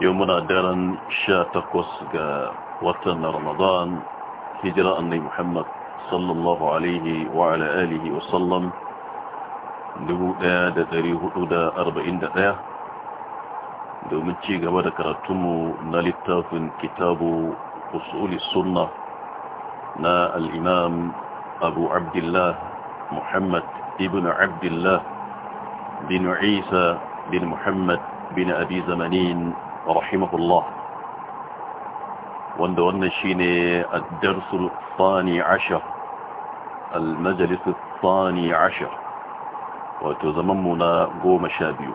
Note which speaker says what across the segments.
Speaker 1: يومنا دارن شا تقص وطن رمضان هجراء لي محمد صلى الله عليه وعلى آله وسلم لبو دا دا تاريه دا أربعين دا دا دو منشي قبادة كراتمو كتاب أصول السنة نا الإمام أبو عبد الله محمد ابن عبد الله بن عيسى بن محمد بن أبي زمانين rahimahullah wanda wannan shine ad-darsul thani wato zaman mu na goma sha biyu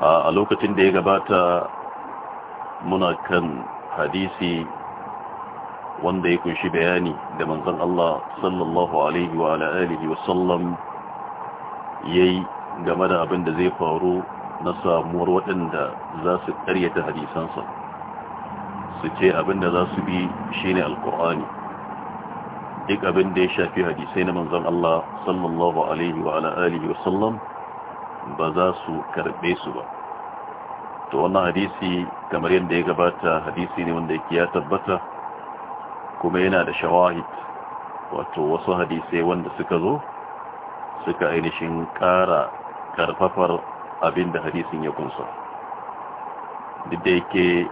Speaker 1: a lokacin da ya gabata muna kan hadisi wanda ya kunshi bayani da manzon Allah sallallahu alaihi wa alihi wa sallam yayi game da abin da zai faru na samuwar waɗanda za su ƙaryata hadisansa su ce abinda za su bi shine alkur'ani duk abinda ya shafi hadisai na manzon Allah sallallahu alaihi wa ala alihi wasallam ba za su karɓe su ba to wannan hadisi kamar yadda ya gabata hadisi ne wanda ya tabbata kuma yana da shawahid wato wasu hadisai wanda suka zo suka ainihin ƙara ƙarfafar abin da hadisin ya kunsa duk da yake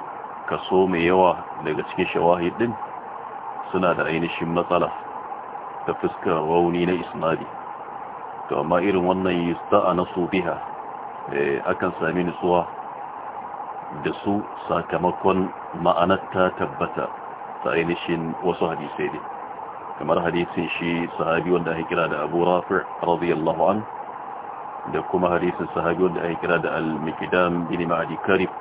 Speaker 1: kaso mai yawa daga cikin shawahid din suna da ainihin matsala ta fuskar rauni na isnadi to amma irin wannan yusta'a na su biya. Eh, akan sami nutsuwa da su sakamakon ma'anar ta tabbata ta ainihin wasu hadisai ne kamar hadisin shi sahabi wanda ya kira da abu rafi radiyallahu an da kuma hadisin sahabi wanda ake kira da al-miqdam bin ma'adi karib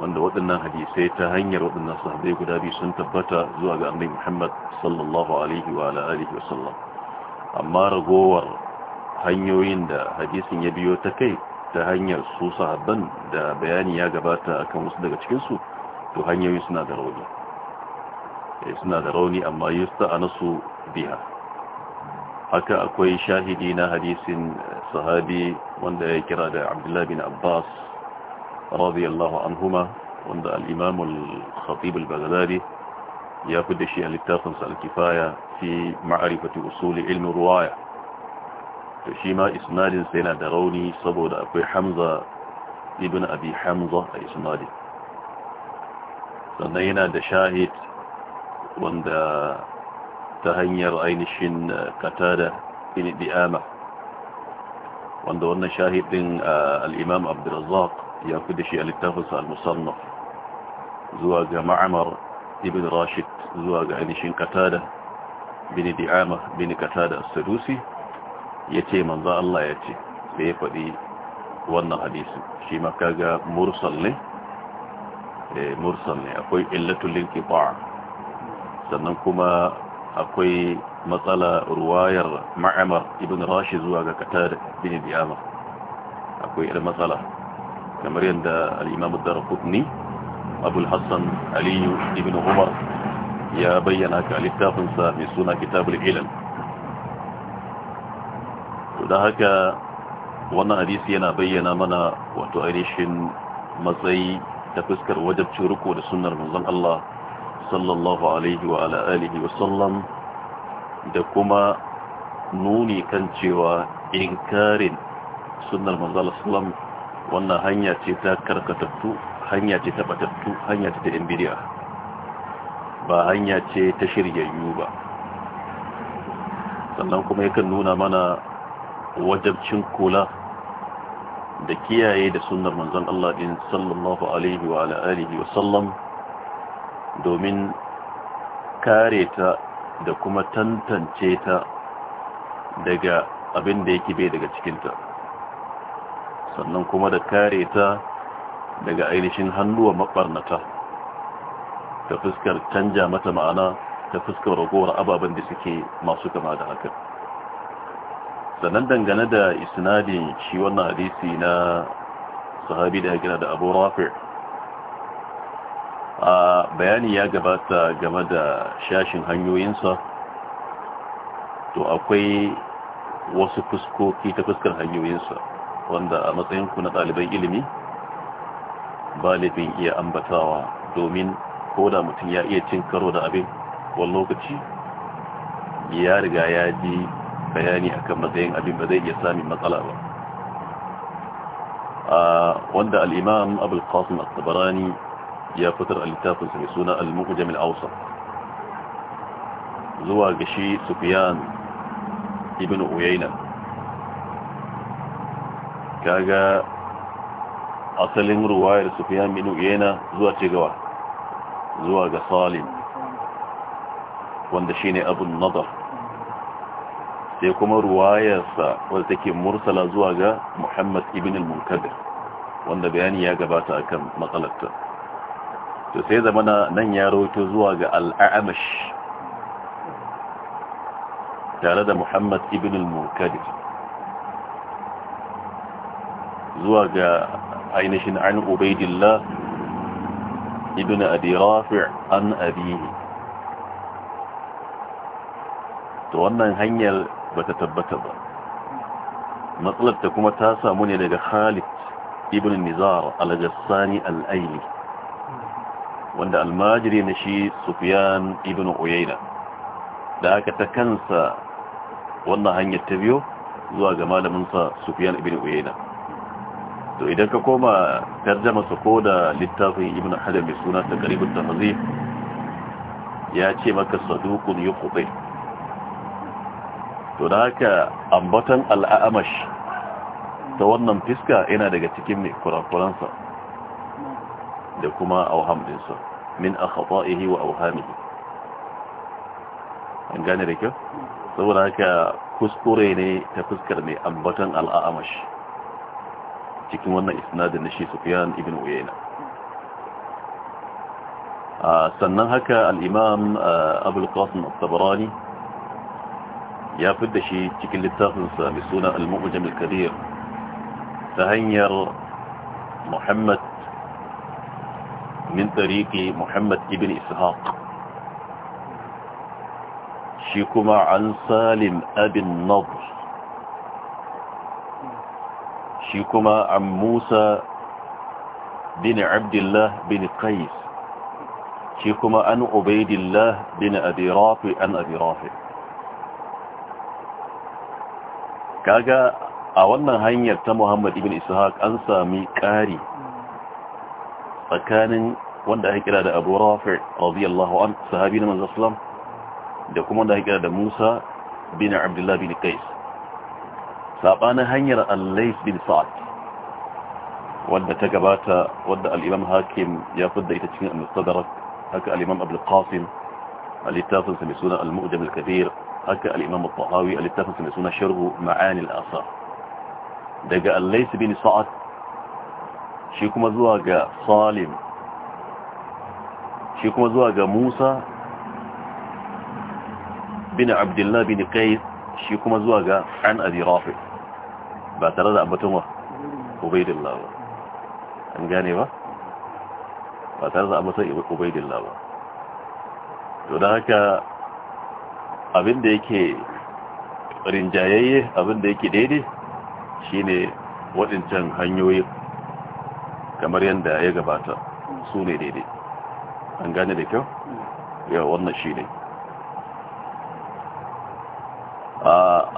Speaker 1: wanda waɗannan hadisai ta hanyar waɗannan sahabbai guda biyu sun tabbata zuwa ga annabi Muhammad sallallahu alaihi wa alihi wasallam amma ragowar hanyoyin da hadisin ya biyo ta kai ta hanyar su sahabban da bayani ya gabata akan wasu daga cikin su to hanyoyin suna da rauni eh, suna da rauni amma yusta anasu biha haka akwai shahidi na hadisin sahabi wanda ya kira da abdullahi bin abbas radiyallahu anhuma wanda al-imam al-khatib al-baghdadi ya fi da shi a littafin sa al-kifaya fi ma'rifati usuli ilmi ruwaya to shi ma isnadin sa yana da rauni saboda akwai hamza ibn abi hamza a isnadin sannan yana da shahid wanda ta hanyar ainihin kata eh, da di'ama wanda wannan shahidin eh, al-imam ya fi da shi a littafinsa al musamman zuwa ga ma'amar ibn rashid zuwa ga ainihin katada Bini di'ama Bini katada da sadusi ce manza Allah ya ce, sai ya faɗi wannan hadisi shi maka ga mursal ne eh, mursal ne akwai illatullin inqita' sannan kuma akwai matsala ruwayar ma'amar ibn rashi zuwa ga qatada bin diyama akwai irin matsala kamar yadda al-imam ad-darqutni abul hassan ibn umar ya bayyana ka littafinsa mai suna kitabul ilm to da haka wannan hadisi yana bayyana mana wato ainihin matsayi ta fuskar wajabcin riko da sunar manzon Allah sallallahu alaihi wa alihi wasallam da kuma nuni kan cewa inkarin sunnar manzala sallam wannan hanya ce ta karkatattu hanya ce ta batattu hanya ce ta ɗanbiriya ba hanya ce ta shiryayyu ba sannan kuma yakan nuna mana wajabcin kula da kiyaye da sunnar manzan Allah din sallallahu alaihi wa alihi wasallam domin kare ta da kuma tantance ta daga abin da yake bai daga cikinta sannan kuma da kare ta daga ainihin hannuwa maɓarnata ta fuskar canja mata ma'ana ta fuskar ragowar ababen da suke masu kama da haka sannan dangane da isnadin shi wannan hadisi na sahabi da ya gina da abu rafi' bayani ya gabata game da shashin hanyoyinsa to akwai wasu fuskoki ta fuskar hanyoyinsa wanda a matsayinku na ɗaliban ilimi ba laifin iya ambatawa domin ko da mutum ya iya cin karo da abin wani lokaci ya riga ya ji bayani akan matsayin abin ba zai iya samun matsala ba wanda al'imam al-qasim al-tabarani ya fitar a littafinsa mai suna al-muhjam al-awsat zuwa ga shi sufyan ibn uyayna kaga asalin ruwayar sufyan ibn uyayna zuwa ce gawa zuwa ga salim wanda shine abu nadar sai kuma ruwayarsa wadda take mursala zuwa ga muhammad ibn al-munkadir wanda bayani ya gabata akan matsalarta to sai zama nan ya roto zuwa ga al'amash tare da muhammad ibn al-murkadir zuwa ga ainihin an ubaidillah ibn abi an abihi to wannan hanyar ba ta tabbata ba matsalar ta kuma ta samu ne daga khalid ibn nizar al jassani al-aili wanda almajiri na shi sufiyan ibn uyayna da aka ta kansa wannan hanyar ta biyo zuwa ga malaminsa sufiyan ibn uyayna to idan ka koma tarjama su ko da littafin ibn hajar mai suna ta karibin tamazi ya ce maka sadukun yi to da haka ambatan al'amash ta wannan fiska yana daga cikin kurakuransa da kuma auham ɗinsu min a khataihi wa auhamihi an gane da kyau saboda haka kuskure ne ta fuskar mai ambaton al'amash cikin wannan isnadin na shi sufiyan ibn uyayna sannan haka al'imam abul qasim al-tabarani ya fidda shi cikin littafinsa mai suna al-mu'jam al-kabir ta hanyar muhammad min tsariƙi muhammad ibn ishaq shi kuma an salim abin nabr shi kuma an musa bin abdullah bin qais shi kuma an ubaidillah bin abi an abi kaga a wannan hanyar ta muhammad ibn ishaq an sami kari. tsakanin wanda ake kira da Abu Rafi' radiyallahu an sahabi na manzo sallam da kuma wanda ake kira da Musa bin Abdullah bin Qais sabana hanyar Al-Lays bin Sa'd wanda ta gabata wanda al-Imam Hakim ya fudda ita cikin al-Mustadrak haka al-Imam Abdul Qasim al ittafa fi Sunan al-Mu'jam al-Kabir haka al-Imam al-Tahawi al ittafa fi Sunan Sharh Ma'ani al-Asar daga Al-Lays bin Sa'd shi kuma zuwa ga salim shi kuma zuwa ga musa bin abdullahi bin qais shi kuma zuwa ga an abi rafi ba tare da ambaton wa ubaidillah ba an gane ba ba tare da ambaton ubaidillah ba to da haka abinda yake rinjayayye abinda yake daidai shine waɗancan hanyoyin kamar yadda ya gabata su ne daidai an gane da kyau mm. yawa wannan shi ne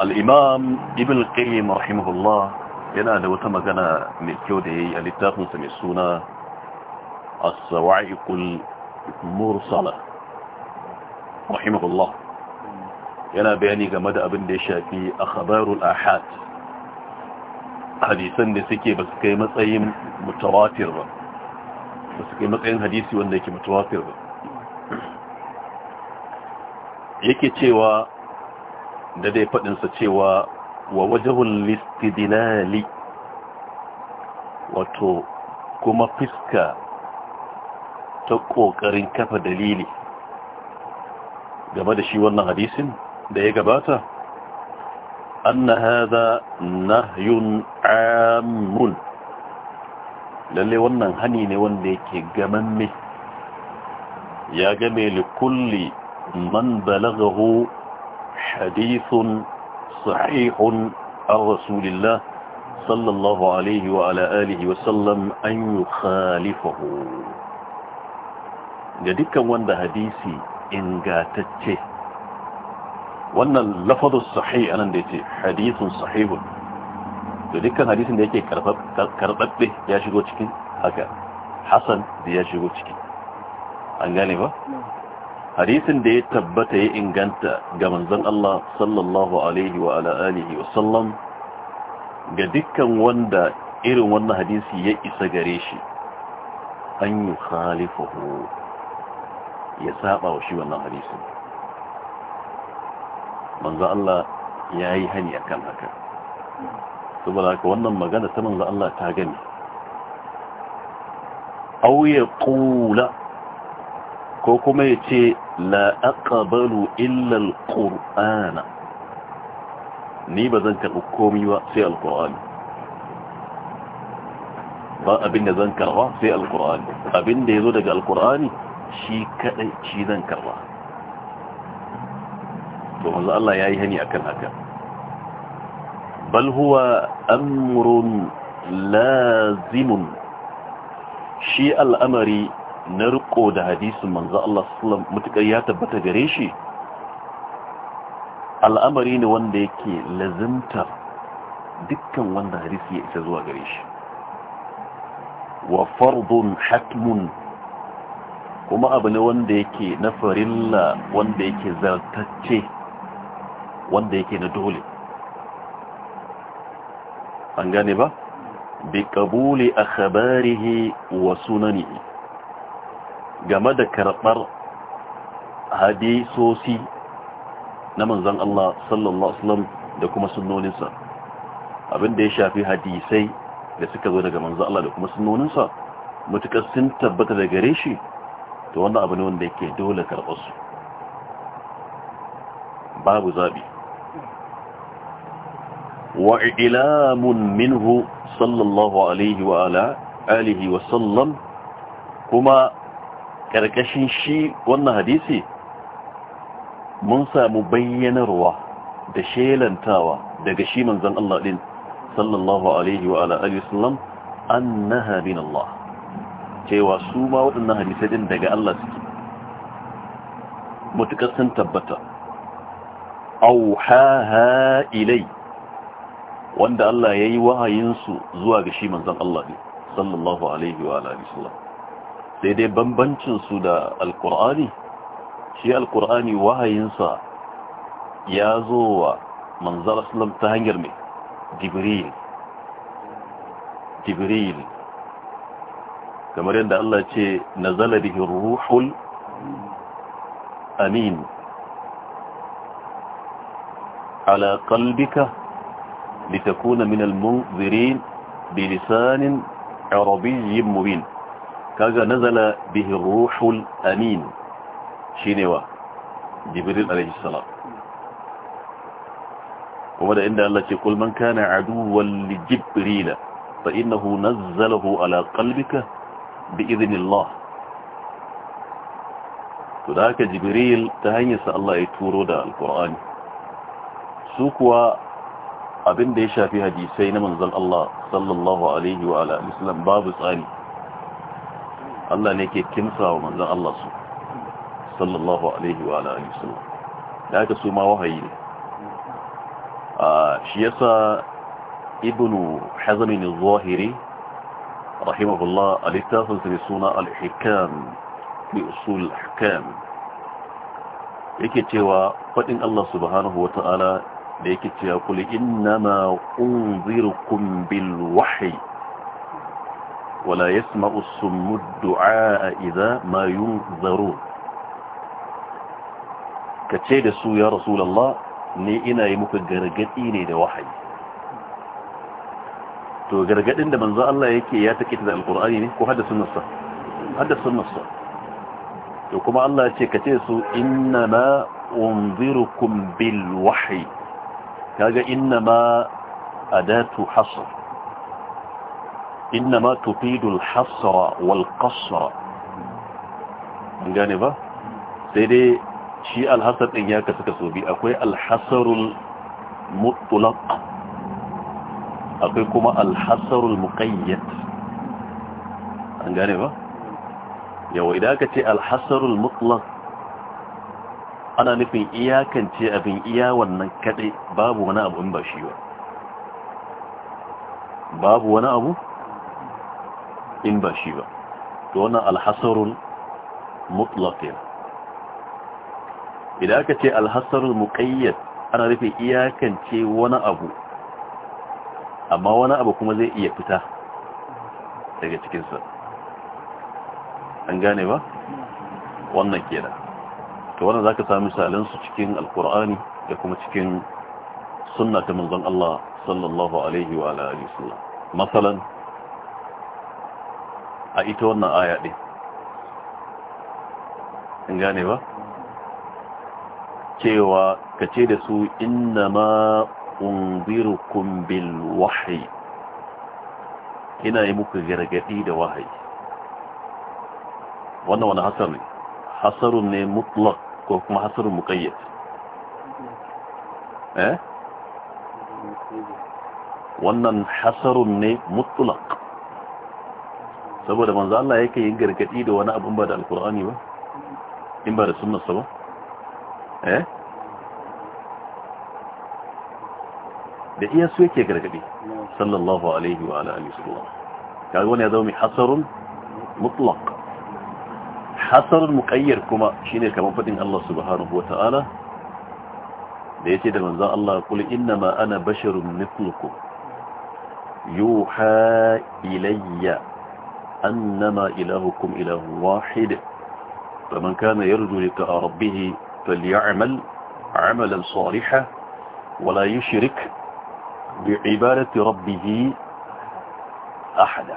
Speaker 1: al'imam ibn qayyim rahimahullah yana da wata magana mai kyau da ya yi a littafinsa mai suna a sawaiqul mursala rahimahullah mm. yana bayani game da abin da ya shafi khabarul ahad hadisan da suke ba su kai matsayin mutawatir ba ba su kai matsayin hadisi wanda yake mutawatir ba yake cewa da dai faɗinsa cewa wa wajahun listidinali wato kuma fiska ta ƙoƙarin kafa dalili game da shi wannan hadisin da ya gabata أن هذا نهي عام lalle wannan hani ne wanda yake gamamme ya game li kulli man balaghahu hadithun sahihun an rasulillah sallallahu alaihi wa ala wa sallam an yukhalifahu ga dukkan wanda hadisi ingatacce wannan lafazin sahi anan da yake hadithun sahihun to dukkan hadisin da yake karɓaɓɓe ya shigo cikin haka hasan da ya shigo ciki an gane ba hadisin da ya tabbata ya inganta ga manzon Allah sallallahu alaihi wa ala alihi wa sallam ga dukkan wanda irin wannan hadisi ya isa gare shi an yi khalifahu ya saba wa shi wannan hadisin manzo Allah ya yi hani akan haka saboda haka wannan magana ta manzo Allah ta gani aw ya qula ko kuma yace la aqbalu illa alqur'ana ni bazan karɓi komai ba sai alqur'ani ba abin da zan karɓa sai alqur'ani abin da yazo daga alqur'ani shi kadai shi zan karɓa to manzo Allah yayi hani akan haka bal huwa amrun lazimun shi al'amari na riko da hadisin manzo Allah sallam mutukar ya tabbata gare shi al'amari ne wanda yake lazimta dukkan wanda hadisi ya isa zuwa gare shi wa fardun hatmun kuma abu ne wanda yake na farilla wanda yake zartacce wanda yake na dole an gane ba bi kabuli a khabarihi wa sunanihi game da karɓar hadisosi na manzan Allah sallallahu Alaihi da kuma sunnoninsa abinda ya shafi hadisai da suka zo daga manzan Allah da kuma sunnoninsa mutukar sun tabbata da gare shi to wannan abu ne wanda yake dole su, babu zaɓi وإعلام منه صلى الله عليه وعلى آله وسلم كما كركشن شيء وانا حديثي منسى مبين رواه دشيلا تاوى دقشي من ذن الله لن صلى الله عليه وعلى آله وسلم أنها من الله cewa سوما ma هديثي hadisai din الله سكي متكسن تبتا أوحاها إليه wanda Allah ya yi wahayinsu zuwa ga shi manzan Allah ne sallallahu alaihi wa alaihi sallam sai dai bambancinsu da alkur'ani shi alkur'ani wahayinsa ya zo wa manzan Islam ta hanyar mai jibril jibril kamar yadda Allah ce na zalabihin ruhul amin ala kalbika لتكون من المنذرين بلسان عربي مبين كذا نزل به الروح الأمين شينوا جبريل عليه السلام وماذا إن الله يقول من كان عدوا لجبريل فإنه نزله على قلبك بإذن الله فذاك جبريل تهيس الله يتورو دا القرآن سوكوا abin da ya shafi hadisai na manzan Allah sallallahu alaihi wa alihi wasallam babu tsari Allah ne ke kimsa wa manzan Allah su sallallahu alaihi wa alihi wasallam da haka su ma wahayi ne a shi yasa ibnu hazm al-zahiri rahimahullah al-littafin sa suna al-hikam fi usul al-ahkam yake cewa fadin Allah subhanahu wa ta'ala da yake cewa kul innama unzirukum bil wahyi wala yasma'u as-summu ad-du'a idha ma yunzarun kace da su ya rasulullah ni ina yi muku gargadi ne da wahayi to gargadin da manzo Allah yake ya take da alqur'ani ne ko hada sunnarsa hada sunnarsa to kuma Allah ya ce kace su innama unzirukum bil wahyi kaga innama adatu hasr innama tufidu al-hasra wal an gane ba sai dai shi al-hasr din ya kasu kaso bi akwai al-hasrul mutlaq akwai kuma al-hasrul muqayyad an gane ba yawa idan aka ce al-hasrul mutlaq ana nufin iyakance abin iya wannan kaɗai babu wani abu in ba shi ba babu wani abu in ba shi ba to wannan alhasarun mutlaqin idan aka ce alhasarun muqayyad ana nufin iyakance wani abu amma wani abu kuma zai iya fita daga cikinsa an gane ba wannan kenan to wannan zaka samu misalan su cikin alqur'ani da kuma cikin sunna ta manzon Allah sallallahu alaihi wa alihi wasallam masalan a ita wannan aya din in gane ba cewa kace da su ma unzirukum bil wahyi ina yi muku gargadi da wahayi wannan wani hasar ne hasarun ne mutlak ko kuma hasrul muqayyad eh wannan hasarun ne mutlaq saboda manzo Allah yake yin gargadi da wani abin ba da alkur'ani ba in ba da sunnarsa ba eh da iya su yake gargadi sallallahu alaihi wa alihi wasallam kaga wani ya zama mai hasarun mutlaq حصر المكير كما شيني كما فتن الله سبحانه وتعالى ليتي دل من ذا الله قل إنما أنا بشر مثلكم يوحى إلي أنما إلهكم إله واحد فمن كان يرجو لقاء ربه فليعمل عملا صالحا ولا يشرك بعبادة ربه أحدا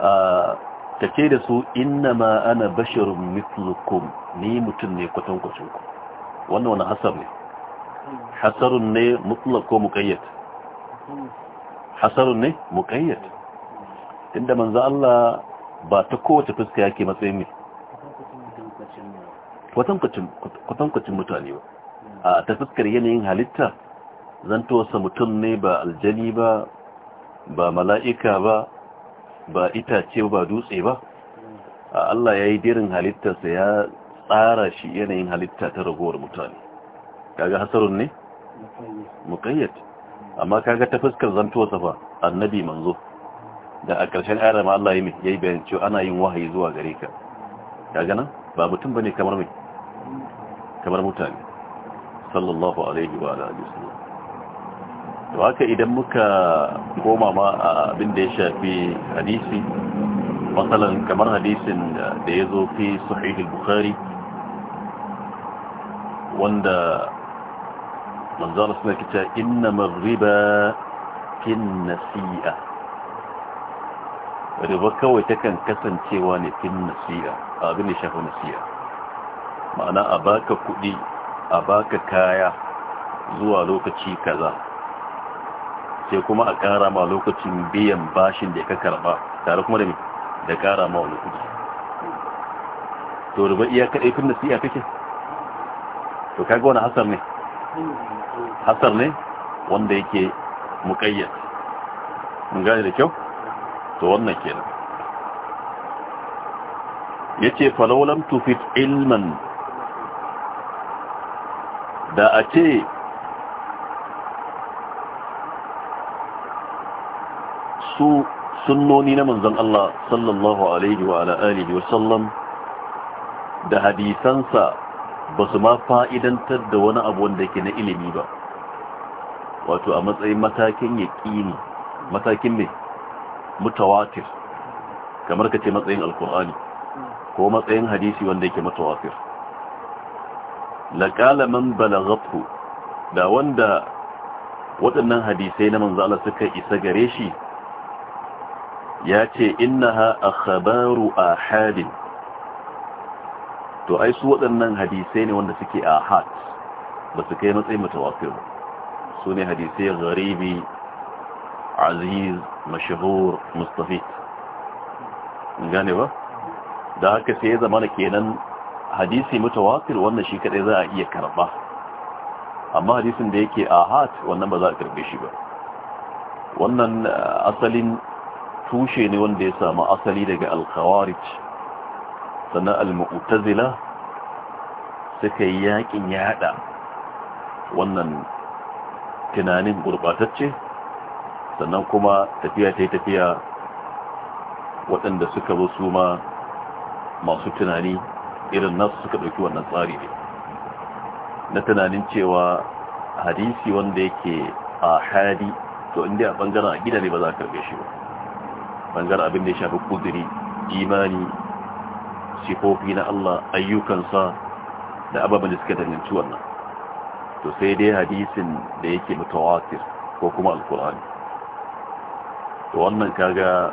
Speaker 1: آه، ka ce da su inna ma ana basharun mitlukum ni mutum ne kwacin ku wannan wani hasar ne hasarun ne mutlak ko muƙayyad hasarun ne muƙayyad inda manzo Allah ba ta kowace fuska yake matsayin mai kwacin mutane ba a ta fuskar yanayin halitta Zan tosa mutum ne ba aljani ba ba mala'ika ba ba itace ba dutse ba Allah ya yi dirin halittarsa ya tsara shi yanayin halitta ta ragowar mutane kaga hasarun ne? muƙayyat amma kaga ta fuskar zantowa safa annabi manzo da a ƙarshen ayar ma Allah ya yi bayan cewa ana yin wahayi zuwa gare ka kaga nan ba mutum ba ne kamar mutane sallallahu alaihi wa wa wasallam to haka idan muka koma ma abin da ya shafi hadisi matsalan kamar hadisin da ya zo fi sahihul bukhari wanda manzana suna kita inna marriba fin nasi'a riba kawai ta kan kasancewa ne fin nasi'a abin da shafi nasi'a ma'ana a baka kudi a baka kaya zuwa lokaci kaza sai kuma a kara ma lokacin biyan bashin da ka karba tare kuma da me da kara ma wani kudi to riba iya kaɗai tun da siya kake to kaga wani hasar ne hasar ne wanda yake muƙayyar mun gane da kyau to wannan kenan yace falawlam tufit ilman da a ce wasu sunnoni na manzon Allah sallallahu alaihi wa alihi wa sallam da hadisansa ba su ma fa'idantar da wani abu wanda ke na ilimi ba wato a matsayin matakin yaƙini matakin ne mutawatir kamar ka ce matsayin alkur'ani ko matsayin hadisi wanda ke mutawatir laƙala man da wanda waɗannan hadisai na manzo suka isa gare shi ya ce ha khabaru a hadin to ai su waɗannan hadisai ne wanda suke a hat ba su kai matsayin mutawatir ba su ne hadisai garibi aziz mashahur mustafi gane ba da haka sai ya zama da kenan hadisi mutawatir wannan shi kadai za a iya karba amma hadisin da yake hat wannan ba za a karbe shi ba wannan eh, asalin tushe ne wanda ya samu asali daga alkhawarij sannan al-mu'tazila suka yi yakin yada wannan tunanin gurbatacce sannan kuma tafiya ta tafiya waɗanda suka zo su ma masu tunani irin nasu suka ɗauki wannan tsari ne na tunanin cewa hadisi wanda yake a hadi to inda a ɓangaren a gida ne ba za a karbe shi ba bangaren abin da ya shafi kudiri imani sifofi na Allah ayyukansa da ababen da suka danganci wannan to sai dai hadisin da yake mutawatir ko kuma alkur'ani to wannan kaga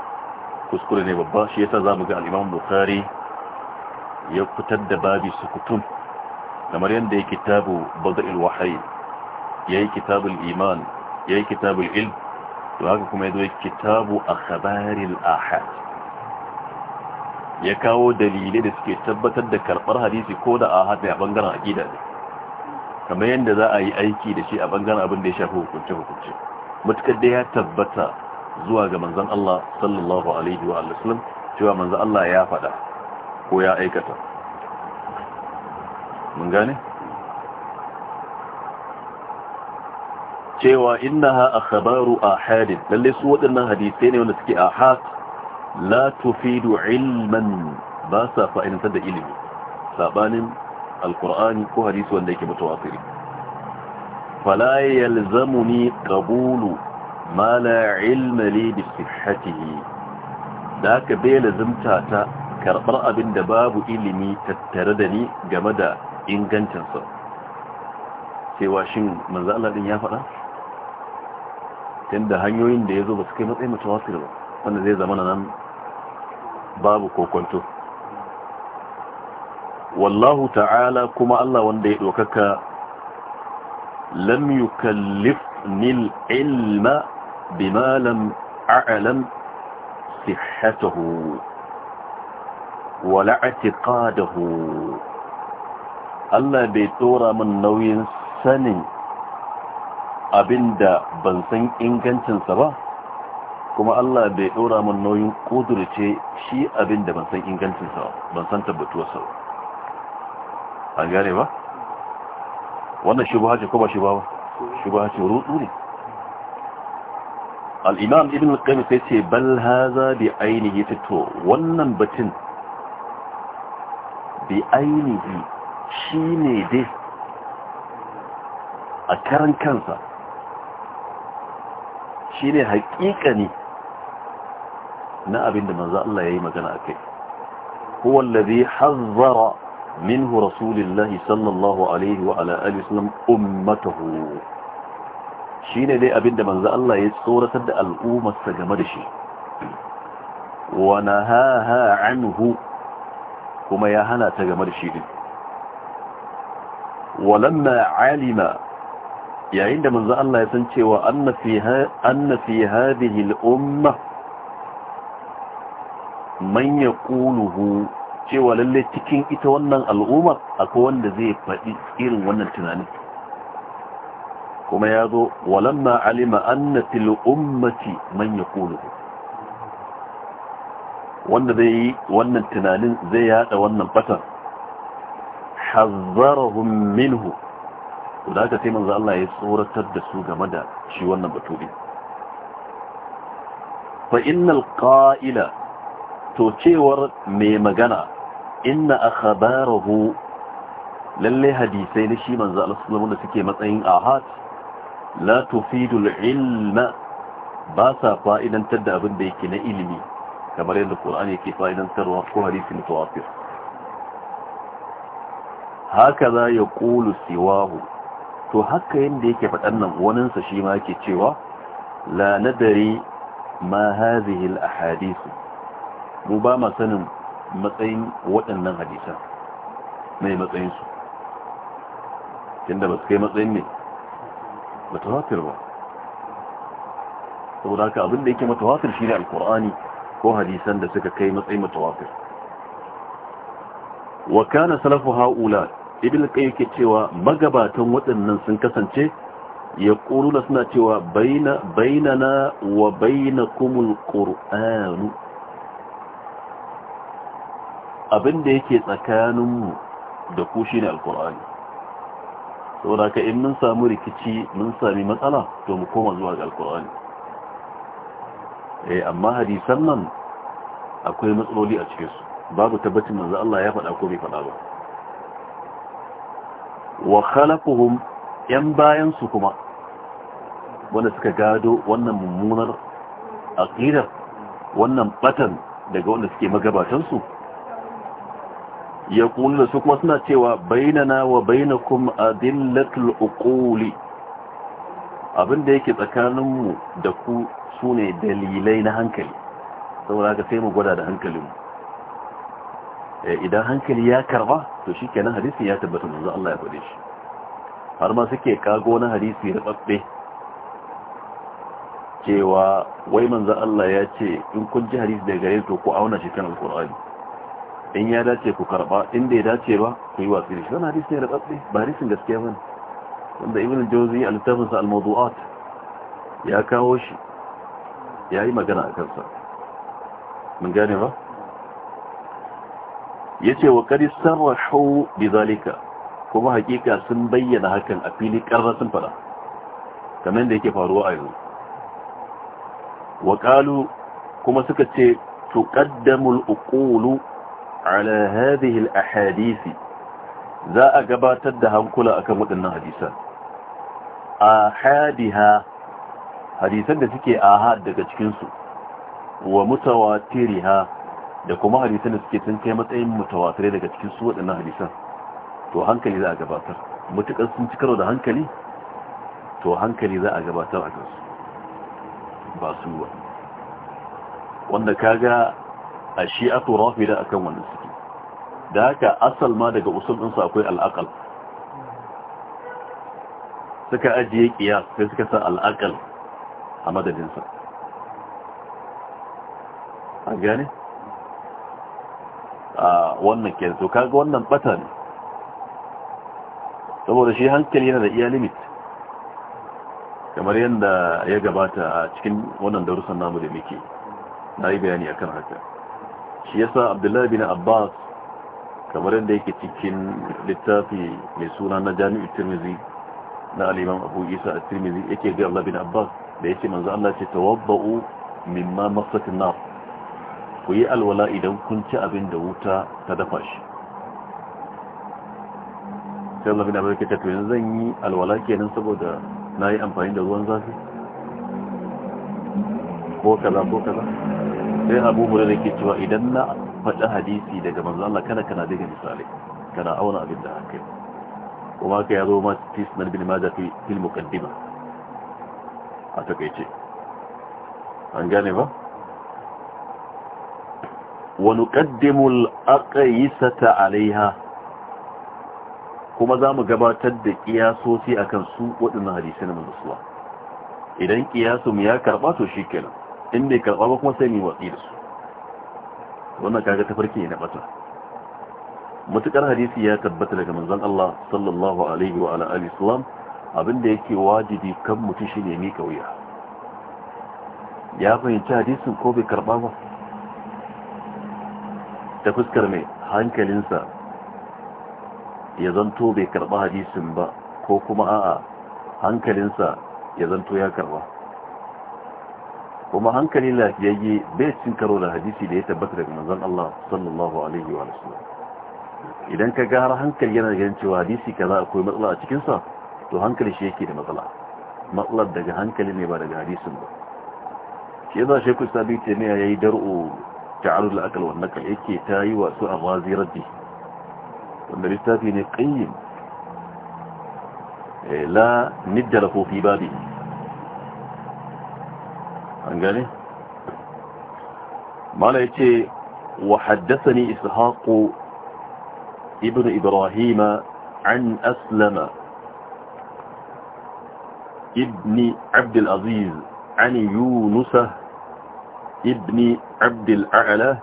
Speaker 1: kuskure ne babba shi yasa zamu ga al-Imam Bukhari ya fitar da babi sukutun kamar yanda ya kitabu bada'il Wahyi yayi kitabul iman yayi kitabul ilm to haka kuma ya zo kitabu a khabarin ahad ya kawo dalilai da suke tabbatar da karbar hadisi ko da ahad a bangaren aqida ne kamar yadda za a yi aiki da shi a bangaren abin da ya shafi hukunce hukunce mutukar da ya tabbata zuwa ga manzon Allah sallallahu alaihi wa sallam cewa manzon Allah ya faɗa ko ya aikata mun gane cewa innaha a hadin, lalle su waɗannan hadisai ne wanda suke ahad la tufidu ilman ba sa fa'idantar da ilimi sabanin alkur'ani ko hadisu wanda yake mutawatir fala yalzamuni qabulu ma la ilma li bi sihhatihi da ka bai lazimta ta karɓar abin da babu ilimi tattare da ni game da ingancinsa cewa shin manzo Allah din ya faɗa tunda hanyoyin da ya zo ba su kai matsayin mutawasir ba wanda zai zama nan babu kokonto wallahu ta'ala kuma Allah wanda ya ɗaukaka lam yukallif nil ilma bima lam a'lam sihhatahu wala i'tiqadahu Allah bai tsora min nauyin sanin Abin da ban san ingancinsa ba kuma Allah bai ɗora min nauyin ƙudurce shi abin da ban san ingancinsa ba ban san tabbatuwarsa ba an gane ba wannan shubha ce ko ba shubha ba shubha ce rudu ne al-imam ibn al-qayyim sai ce bal haza bi ainihi fito. wannan batun bi ainihi shi ne dai a karan kansa Shin haƙiƙani na abinda da Allah ya yayi magana akai huwa alladhi hazzara minhu rasulillahi sallallahu alaihi wa ala alihi wasallam ummatahu dai abinda manza Allah ya tsoratar da al'ummarsa game da shi wa nahaha hu? kuma ya hana ta game da shi din walamma alima yayin da manzo Allah ya san cewa anna fiha anna fi hadhihi al-umma man yaquluhu cewa lalle cikin ita wannan al'umma akwai wanda zai faɗi irin wannan tunanin kuma ya zo walamma alima anna fil ummati man yaquluhu wanda zai yi wannan tunanin zai yada wannan fatan hazzarahum minhu to da aka sai manzo Allah ya tsoratar da su game da shi wannan batu din fa innal qa'ila to cewar mai magana inna akhbarahu lalle hadisai na shi manzo Allah sallallahu alaihi suke matsayin ahad la tufidu al-ilma ba sa fa'idantar da abin da yake na ilimi kamar yadda Qur'ani yake fa'idantarwa ko hadisi mutawatir hakaza yaqulu siwahu to haka yadda yake faɗan nan waninsa shi ma yake cewa la nadari ma hazihi al-ahadith mu ba ma sanin matsayin waɗannan hadisan mai matsayin su inda ba su kai matsayin ne mutawatir ba saboda haka abin da yake mutawatir shine alqur'ani ko hadisan da suka kai matsayin mutawatir wa kana salafu haula ibil kai yake cewa magabatan waɗannan sun kasance ya suna cewa baina bainana wa kumul qur'anu abinda yake tsakaninmu da ku shine alqur'ani saboda ka in mun samu rikici mun sami matsala to mu koma zuwa ga alqur'ani eh amma hadisan nan akwai matsaloli a cikin su babu tabbacin manzo Allah ya faɗa ko bai faɗa ba wa khalafuhum yan bayan su kuma wanda suka gado wannan mummunar aqidar wannan batan daga wanda suke magabatan su yaqulu su kuma suna cewa bainana wa bainakum adillatul uquli abinda yake tsakaninmu da ku sune dalilai na hankali saboda ka sai mu gwada da hankalinmu Eh, idan hankali ya karba to shi kenan hadisi ya tabbata manzo Allah ya faɗe shi har ma suke kago na hadisi da babbe? cewa wai manzo Allah ya ce in kun ji hadisi daga gare to ku auna shi kan alqur'ani in ya dace ku karba in ya dace ba ku yi watsi da shi wannan hadisi da babbe? ba hadisin gaskiya ne. wanda ibn jawzi al-tafsir al-mawdu'at ya kawo shi yayi magana akan sa mun gane ba yace wa qad sarrahu kuma hakika sun bayyana hakan a fili karra sun fada kamar da yake faruwa a yanzu wa kuma suka ce tuqaddamu al-uqulu ala hadhihi al za a gabatar da hankula akan waɗannan hadisan ahadiha hadisan da suke ahad daga cikinsu wa mutawatiriha da kuma hadisan da suke sun kai matsayin mutawatirai daga cikin su waɗannan hadisan to hankali za a gabatar mutukar sun ci karo da hankali to hankali za a gabatar a kansu ba su ba wanda kaga a shi shi'atu rafida akan wannan suke da haka asal ma daga usul ɗinsu akwai al'akal suka ajiye ƙiya sai suka sa al'akal a madadinsa a gane? wannan ke to kaga wannan bata ne saboda shi hankali yana da iya limit kamar yadda ya gabata a cikin wannan darussan namu da muke na yi bayani akan haka shi yasa abdullahi bin abbas kamar yadda yake cikin littafi mai suna na jami'u tirmizi na aliman abu isa a tirmizi yake ga allah bin abbas da ya ce manzo allah ce tawabba'u mimma masakin nafi ku yi alwala idan kun ci abin da wuta ta dafa shi sai Allah bin abin da to yanzu zan yi alwala kenan saboda na yi amfani da ruwan zafi ko kaza ko kaza sai abu hura da ke cewa idan na faɗi hadisi daga manzo Allah kana kana daga misali kana auna abin da haka kuma ka yazo ma na bin majah fi fil muqaddima a takeice an gane ba ونقدم الأقيسة عليها kuma za mu gabatar da kiyasoci a kan waɗannan hadisai na idan kiyasun ya karɓa to kenan in bai karɓa ba kuma sai mai watsi da su wannan kaga ta farki na ɓata matuƙar hadisi ya tabbata daga manzan Allah alaihi wa abinda yake wajibi kan mutum shi ne miƙa wuya ya fahimci hadisin ko bai karɓa ba ta fuskar mai hankalinsa ya zanto bai karba hadisin ba ko kuma a'a hankalinsa ya zanto ya karba kuma hankali lafiyayye bai cin karo da hadisi da ya tabbata daga manzon Allah sallallahu alaihi wa sallam idan ka gara hankali yana ganin cewa hadisi kaza akwai matsala a cikin sa to hankali shi yake da matsala matsalar daga hankali ne ba daga hadisin ba shi yasa shekul sabi ce ne yayi dar'u جعلوا الأكل والنكل إكي تاي وأسوء الرازي ردي والنبي ساتي نقيم إيه، لا ند له في بابه أنقالي ما لا يتي وحدثني إسحاق ابن إبراهيم عن أسلم ابن عبد العزيز عن يونسه ابن عبد الأعلى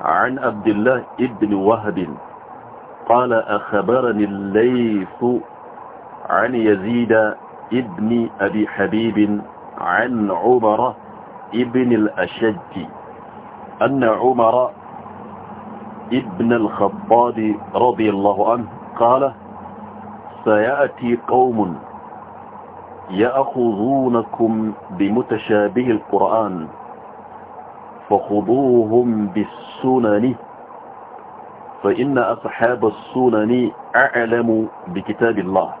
Speaker 1: عن عبد الله ابن وهب قال أخبرني الليث عن يزيد ابن أبي حبيب عن عمر ابن الأشج أن عمر ابن الخطاب رضي الله عنه قال سيأتي قوم يأخذونكم بمتشابه القرآن فخذوهم بالسنن فإن أصحاب السنن أعلم بكتاب الله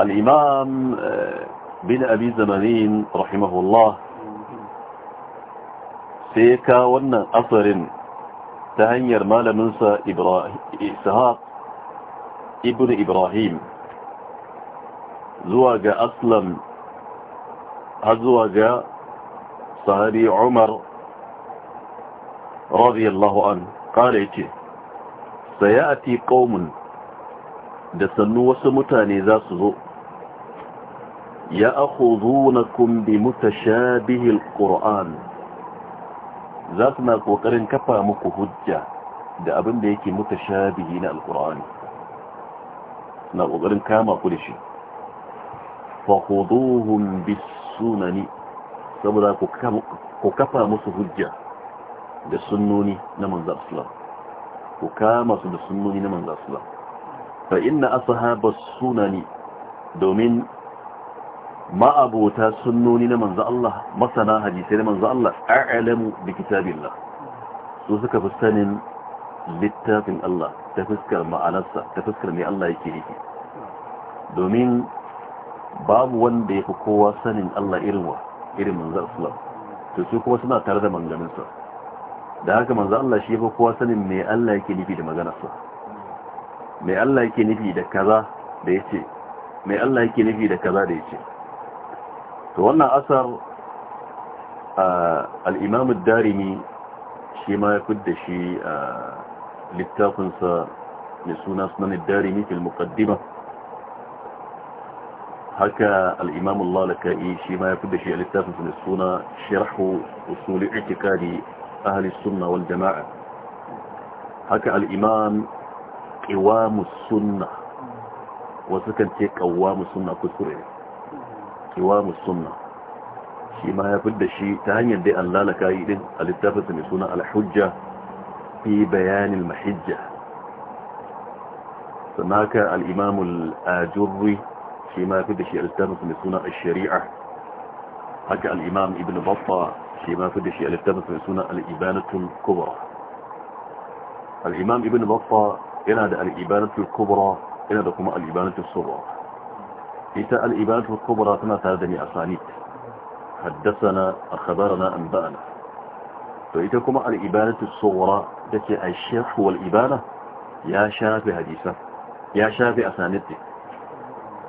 Speaker 1: الإمام آه، بن أبي زمانين رحمه الله سيكا ون أثر تهير مال منسى إسهاق ابن إبراهيم زواج أسلم هزواج sahabi umar radiyallahu an kare yake sayati qaumun da sannu wasu mutane za su zo ya akhudunakum bi mutashabihi alquran za su na kokarin kafa muku hujja da abin da yake mutashabihi na alqurani na kokarin kama ku da shi fa khuduhum bis sunani saboda ku kafa musu hujja da sunnoni na manzan islam ku kama su da sunnoni na manzan islam fa inna ashabar sunani domin ma'abota sunnoni na manzan Allah masana hadisai na manzan Allah a'lamu da kitabin su suka fi sanin littafin Allah ta fuskar ma'anarsa ta fuskar ne Allah yake yake domin babu wanda ya fi kowa sanin Allah irin wa irin manzan islam to su kuma suna tare da manganinsa da haka manzan Allah shi fa kowa sanin me Allah yake nufi da maganarsa me Allah yake nufi da kaza da yace me Allah yake nufi da kaza da yace to wannan asar al-Imam ad-Darimi shi ma ya fidda shi littafinsa mai suna sunan ad-Darimi fil muqaddimah هكا الإمام الله لك إيشي ما يكون بشيء الاتفاق في السنة شرح أصول اعتقاد أهل السنة والجماعة هكا الإمام قوام السنة وسكن تي قوام السنة كسر قوام السنة شيء ما يكون بشيء تهني دي أن لا لك إيدي للتافة في السنة الحجة في بيان المحجة سماك الإمام الآجري فيما في دشي التامس من سنة الشريعة حكى الإمام ابن بطة فيما في دشي التامس من سنة الإبانة الكبرى الإمام ابن بطة إنا دا الإبانة الكبرى إنا دا كما الإبانة الصغرى إتا الإبانة الكبرى كما تادني أسانيد حدثنا أخبارنا أنبأنا فإذا كما الإبانة الصغرى التي الشيخ والإبانة يا شافي حديثة يا شافي أسانيتك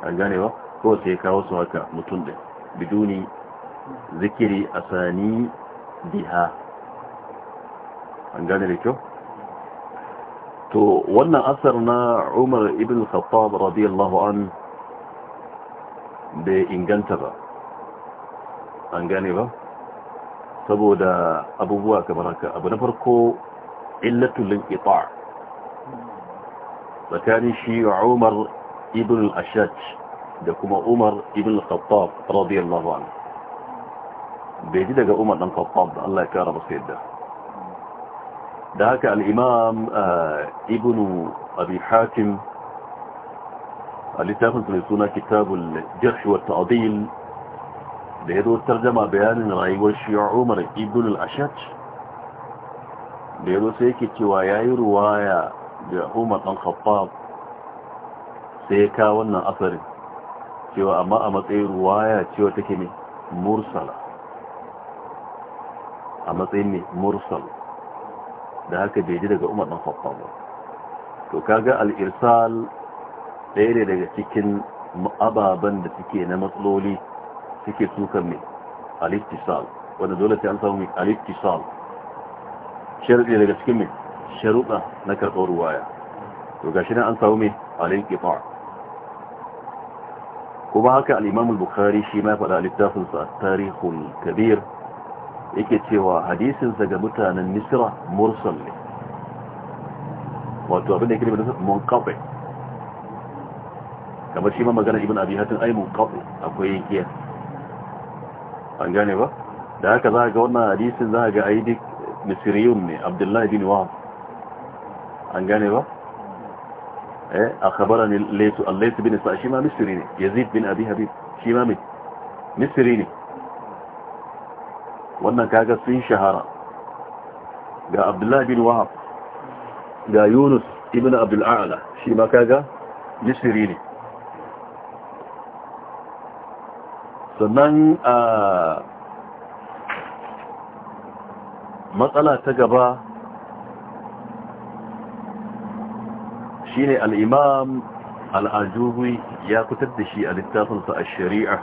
Speaker 1: an gane ba ko sai kawo su haka mutum din biduni zikiri asani biha an gane da kyau to wannan asar na umar ibn khattab radiyallahu an bai inganta ba an gane ba saboda abubuwa kamar haka abu na farko illatul inqita' tsakanin shi umar ibn ashaj da kuma umar ibn khattab radiyallahu anhu bai ji daga umar dan khattab da Allah ya kara masa yadda da haka al-imam eh, ibn abi hatim littafin mai suna kitabul jarh wa ta'dil da ya zo bayanin rayuwar shi Umar ibn al-Ashaj da ya sai yake cewa yayi ruwaya da Umar dan Khattab sai ya kawo wannan asarin cewa amma a matsayin ruwaya cewa take ne mursala a matsayin ne mursal da haka bai ji daga umar ɗan haifan ba to kaga al'irsal ɗaya ne daga cikin ababen da suke na matsaloli suke sukan ne aliftisal wanda dole sai an samu mai aliftisal sharaɗi daga cikin mai sharuɗa na karɓar ruwaya to gashi na an samu mai aliftisal kuma haka al-imam al-bukhari shi ma faɗa littafin sa at-tarikhul kabir yake cewa hadisinsa ga mutanen misra mursal ne wato abin da yake da munqati kamar shi ma magana ibn abi hatim ai kafe akwai yankiya an gane ba da haka za a ga wannan hadisin za a ga ai duk misriyun ne abdullahi bin wa an gane ba أخبرني الليث الليث بن سعد شيما مصري bin Abi Habib, حبيب شيما wannan kaga sun shahara ga Abdullahi bin Wahab ga Yunus ibn Abdul A'la shi ma kaga Misri sannan a ah, matsala ta gaba shine al-imam al ya fitar da shi a littafin sa sharia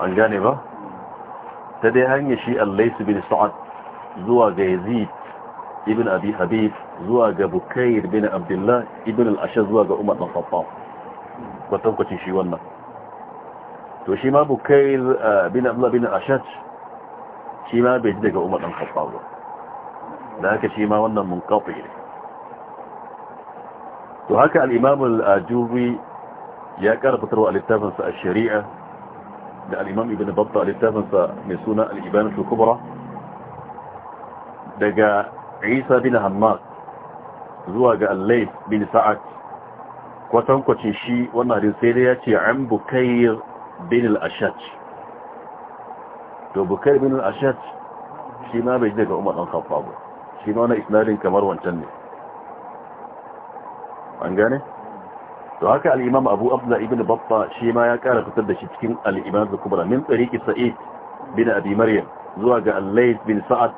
Speaker 1: an gane ba ta dai hanya shi al-lays bin sa'ad zuwa ga yazid ibn abi habib zuwa ga bukair bin abdullah ibn al-ashaz zuwa ga umar bin khattab kwacin shi wannan to shi ma bukair eh, bin abdullah bin ashaj shi ma bai ji daga umar dan khattab ba da haka shi ma wannan munqati ne to haka al-imam al-ajuri ya karfafa a littafin a sharia da al ibn battah littafin mai suna al'iban ibanah daga Isa bin Hammad zuwa ga al bin Sa'ad kwatankwacin shi wannan hadin sai dai ya ce an Bukayr bin al to Bukayr bin al shi ma bai daga Umar dan ba shi ma na isnadin kamar wancan ne an gane to haka al-imam abu Abda ibn babba shi ma ya kara fitar da shi cikin al-imam al-kubra min tariqi sa'id bin abi maryam zuwa ga al layth bin sa'ad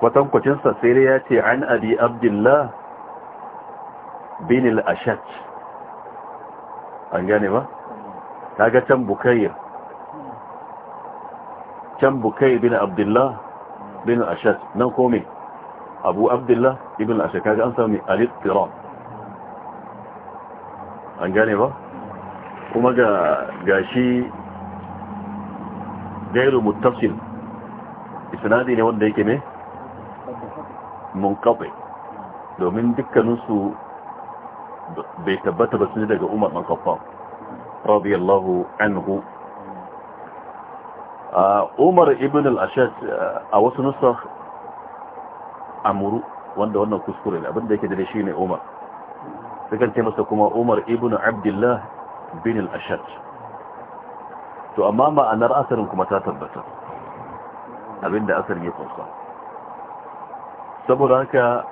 Speaker 1: kwacin sa sai ya ce an abi abdullah bin al-ashaj an gane ba kaga can bukayr can bukayr bin abdullah bin al-ashaj nan komai abu abdullah ibn ashaka ga an sami al an gane ba kuma ga gashi gairu muttasil isnadi ne wanda yake ne munqati domin dukkaninsu bai tabbata ba sun daga umar ɗan radiyallahu anhu umar ibn al a wasu nusar amuru wanda wannan kuskure ne abinda yake da shi ne umar sukan ce masa kuma umar ibn abdullah bin al-ashad to amma ma'anar asarin kuma ta tabbata abinda asarin ya kunsa saboda haka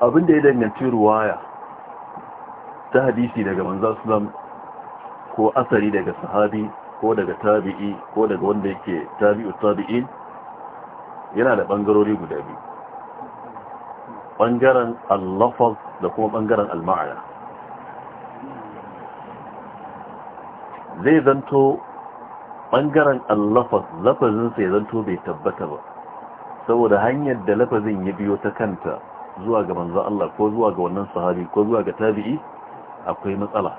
Speaker 1: abinda ya danganci ruwaya ta hadisi daga manzo sallam ko asari daga sahabi ko daga tabi'i ko daga wanda yake tabi'u tabi'in yana da bangarori guda biyu ɓangaren allafaz da kuma ɓangaren alma'ana zai zanto ɓangaren allafaz lafazinsa ya zanto bai tabbata ba saboda hanyar da lafazin ya biyo ta kanta zuwa ga manzo Allah ko zuwa ga wannan sahabi ko zuwa ga tabi'i akwai matsala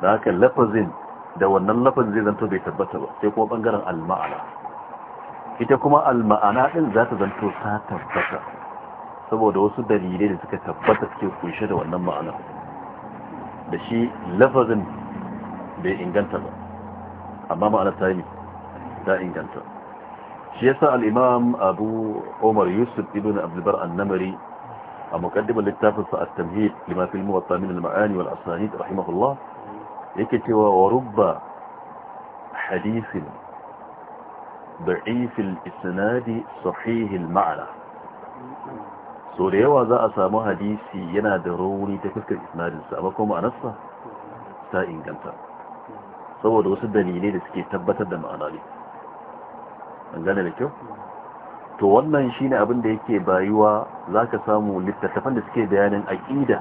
Speaker 1: da haka lafazin da wannan lafazin zai zanto bai tabbata ba sai kuma ɓangaren alma'ana ita kuma alma'ana ɗin za ta zanto ta tabbata saboda wasu dalilai da suka tabbata suke kunshe da wannan ma'ana da shi lafazin bai inganta ba amma ma'anar ta yi ta inganta shi yasa al'imam abu omar yusuf ibn abdulbar annamari a mukaddimar littafinsa a tamhid limafil muwatta min al-ma'ani wal asanid rahimahullah yake cewa wa rubba hadisin ضعيف الإسناد صحيح المعنى so da yawa za a samu hadisi yana da rauni ta fuskar isnadinsa amma kuma ma'anarsa ta inganta saboda wasu dalilai da suke tabbatar da ma'ana ne an gane da kyau to wannan shine abin da yake bayuwa za ka samu littattafan da suke bayanin aqida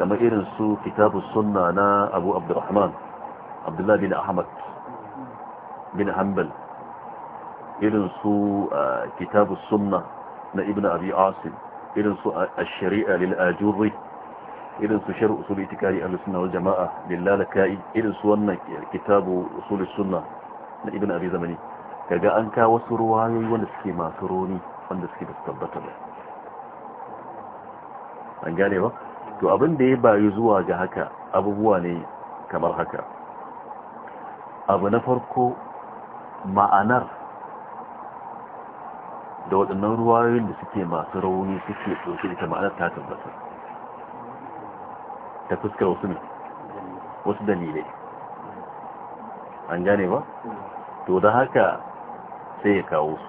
Speaker 1: kamar irin su kitabu sunna na Abu Abdurrahman Abdullah bin Ahmad bin Hanbal irin su eh, kitabu sunna na ibn abi asim irin su a sharia lil ajurri irin su sharh usul itikari a sunna wal jama'a lil lalakai irin su wannan kitabu usul suna na ibn abi zamani kaga an kawo wasu ruwayoyi wanda suke masu roni wanda suke da tabbata ba an gane ba to abin da ya bayu zuwa ga haka abubuwa ne kamar haka abu na farko ma'anar da waɗannan ruwayoyin da suke masu rauni suke ɗauke da ma'anar ta tabbata ta fuskar wasu ne wasu dalilai an gane ba to da haka sai ya kawo su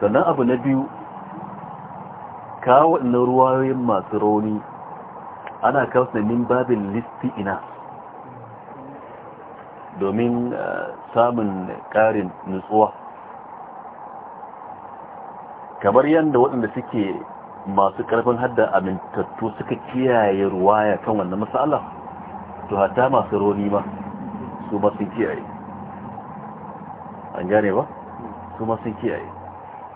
Speaker 1: sannan abu na biyu kawo waɗannan ruwayoyin masu rauni ana kawo su min babin listi ina domin eh, samun ƙarin nutsuwa kamar yadda waɗanda suke masu ƙarfin hadda amintattu suka kiyaye ruwaya kan wannan matsala to hata masu roni ma su ma sun kiyaye an gane ba su ma sun kiyaye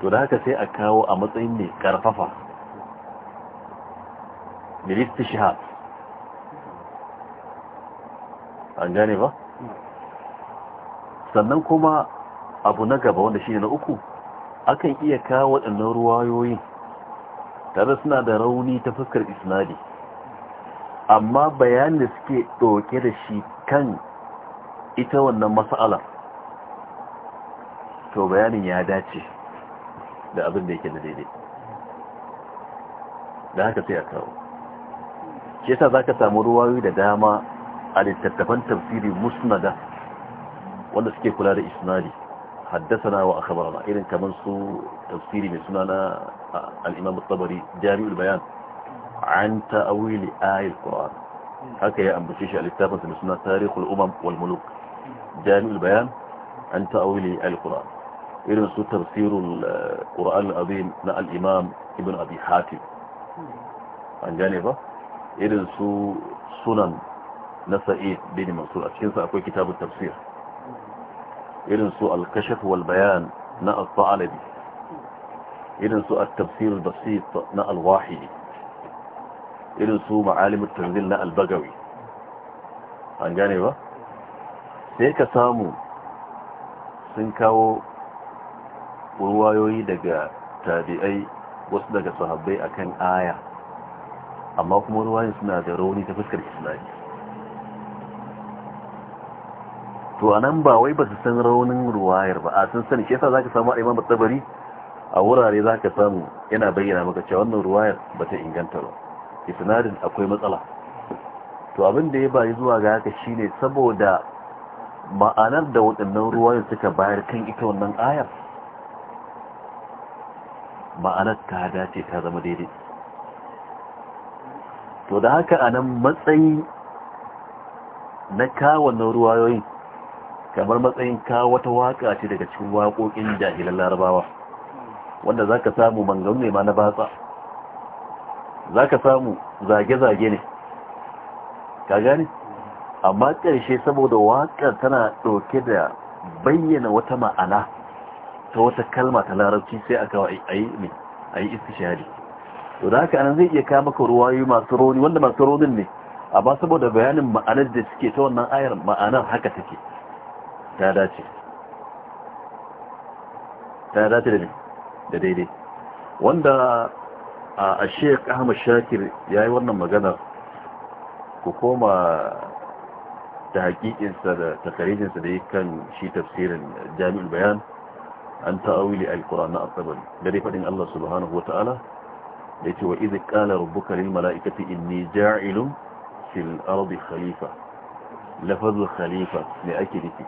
Speaker 1: to da haka sai a kawo a matsayin mai ƙarfafa milisti shahad an gane ba sannan kuma abu na gaba wanda shi na uku akan iya kawo waɗannan ruwayoyin tare suna da rauni ta fuskar isnadi amma bayanin da suke ɗauke da shi kan ita wannan matsala to bayanin ya dace da abin da yake da daidai da haka sai a kawo shi yasa za ka samu ruwayoyi da dama a littattafan tafsiri musnada wanda suke kula da isnadi حدثنا وأخبرنا إذن كمان سوء تفسيري من سنانا آه، الإمام الطبري جامع البيان عن تأويل آي القرآن هكا يا شيشة الاتفاق من سنة تاريخ الأمم والملوك جامع البيان عن تأويل آي القرآن إذن سو تفسير القرآن العظيم مع الإمام ابن أبي حاتم عن جانبه إذن سو سنن نسائي بين منصور أشكين سأقول كتاب التفسير irin su alkashaf walbayan na al-sa'alabi irin su at-tafsir basit na al-wahidi irin su ma'alim at-tanzil na al-bagawi an gane ba sai ka samu sun kawo ruwayoyi daga tabi'ai wasu daga sahabbai akan aya amma kuma ruwayoyin suna da rauni ta fuskar islami to a nan ba wai ba su san raunin ruwayar ba a sun sani shi yasa zaka samu imam tabari a wurare zaka samu yana bayyana maka cewa wannan ruwayar ba ta inganta ba isnadin akwai matsala to abin da ya bayi zuwa ga haka shine saboda ma'anar da waɗannan ruwayar suka bayar kan ita wannan ayar ma'anar ta dace ta zama daidai to da haka a nan matsayi na kawo wannan ruwayoyin kamar matsayin kawo wata waka ce daga cikin waƙoƙin jahilan larabawa wanda za ka samu mangan ne ma na batsa za ka samu zage-zage ne ka gani amma ƙarshe saboda waƙar tana ɗauke da bayyana wata ma'ana ta wata kalma ta larabci sai aka a yi istishari to da haka anan zai iya kama ka ruwayoyi masu roni wanda masu ronin ne amma saboda bayanin ma'anar da suke ta wannan ayar ma'anar haka take ta dace ta dace da da daidai wanda a Sheikh Ahmad Shakir yi wannan magana ku koma ta hakikinsa da takarijinsa da kan shi tafsirin Jami'ul Bayan an ta'awili al-Qur'an na Asabari da dai fadin Allah subhanahu wata'ala da yake wa idh qala rabbuka lil mala'ikati inni ja'ilun fil ardi khalifa lafazul khalifa ne ake nufi